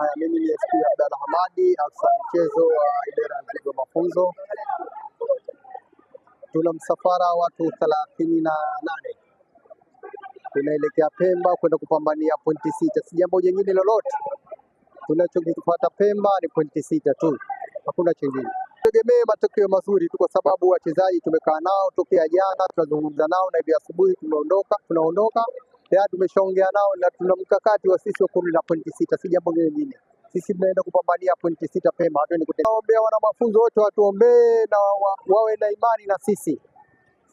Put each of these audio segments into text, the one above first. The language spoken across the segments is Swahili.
Haya, mimi ni SP Abdalla Hamadi, afisa mchezo wa idara ya michezo mafunzo. Tuna msafara watu thelathini na nane tunaelekea Pemba kwenda kupambania pointi sita, si jambo jingine lolote. Tunachokipata Pemba ni pointi sita tu, hakuna chingine. Tegemee matokeo mazuri tu, kwa sababu wachezaji tumekaa nao tokea jana, tunazungumza nao na hivi asubuhi tumeondoka, tunaondoka tayari tumeshaongea nao na tuna mkakati wa sisi wa kumi na pointi sita, si jambo lingine. Sisi tunaenda kupambania pointi sita pema. Naombea wana mafunzo wote watuombee na wa, wawe na imani na sisi.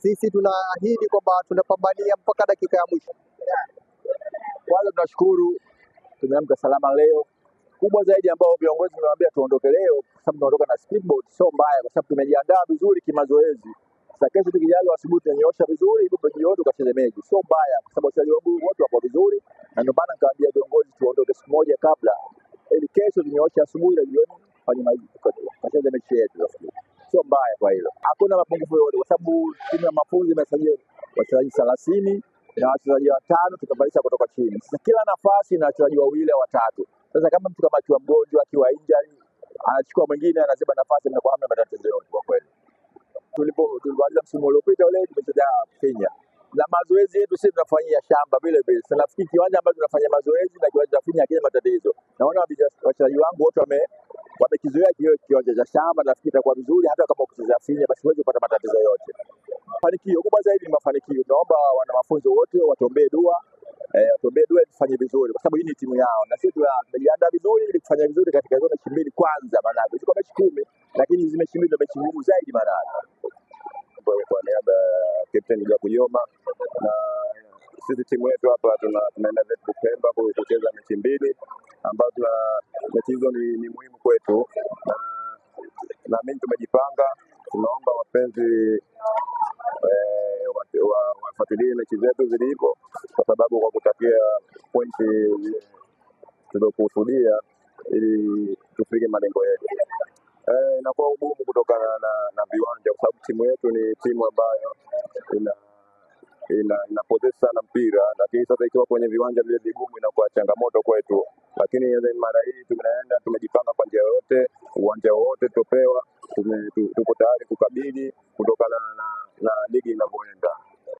Sisi tunaahidi kwamba tunapambania mpaka dakika ya mwisho. Kwanza tunashukuru tumeamka salama leo. Kubwa zaidi ambao viongozi wamewaambia tuondoke leo, kwa sababu tunaondoka na speedboat, sio mbaya, kwa sababu tumejiandaa vizuri kimazoezi. Sasa kesho tukijalo asubuhi tunanyoosha vizuri ili kujiona tukacheze mechi. Sio mbaya kwa sababu wachezaji wangu wote wako vizuri na ndio maana nikamwambia viongozi tuondoke siku moja kabla ili kesho tunyooshe asubuhi na jioni fanye maji tukacheze mechi yetu asubuhi. Sio mbaya kwa hilo. Hakuna mapungufu yote kwa sababu timu ya mafunzo imesajili wachezaji 30 na wachezaji watano tukapandisha kutoka chini. Sasa kila nafasi na wachezaji wawili au watatu. Sasa kama mtu kama akiwa mgonjwa, akiwa injury, anachukua mwingine anaziba nafasi na kwa tulimaliza msimu uliopita ule, tumechezea Kenya na mazoezi yetu sisi tunafanyia shamba vile vile. Sasa nafikiri kiwanja ambacho tunafanya mazoezi na kiwanja cha Finya hakina matatizo. Naona wachezaji wangu wote wame wamekizoea kile kiwanja cha shamba, nafikiri itakuwa vizuri. Hata kama ukichezea Finya, basi huwezi kupata matatizo yote. Mafanikio kubwa zaidi ni mafanikio. Naomba wana mafunzo wote watuombee dua eh, watuombee dua tufanye vizuri, kwa sababu hii ni timu yao na sisi tumejiandaa vizuri ili kufanya vizuri katika zile mechi mbili kwanza, maana ziko mechi kumi, lakini hizi mechi mbili ndio mechi ngumu zaidi maana kwa niaba ya Captain Gabuyoma na sisi timu yetu hapa tunaenda zetu Pemba kucheza mechi mbili ambazo mechi hizo ni, ni muhimu kwetu na mimi tumejipanga. Tunaomba wapenzi eh, wafuatilie mechi zetu zilivyo, kwa sababu kwa kutakia pointi tuliokusudia ili tufike malengo yetu inakuwa eh, ugumu kutokana na, na, na timu yetu ni timu ambayo ina ina inapoteza sana mpira, lakini sasa ikiwa kwenye viwanja vile vigumu inakuwa changamoto kwetu, lakini mara hii tunaenda tumejipanga kwa njia yoyote, uwanja wowote tutopewa tuko tayari kukabili kutokana na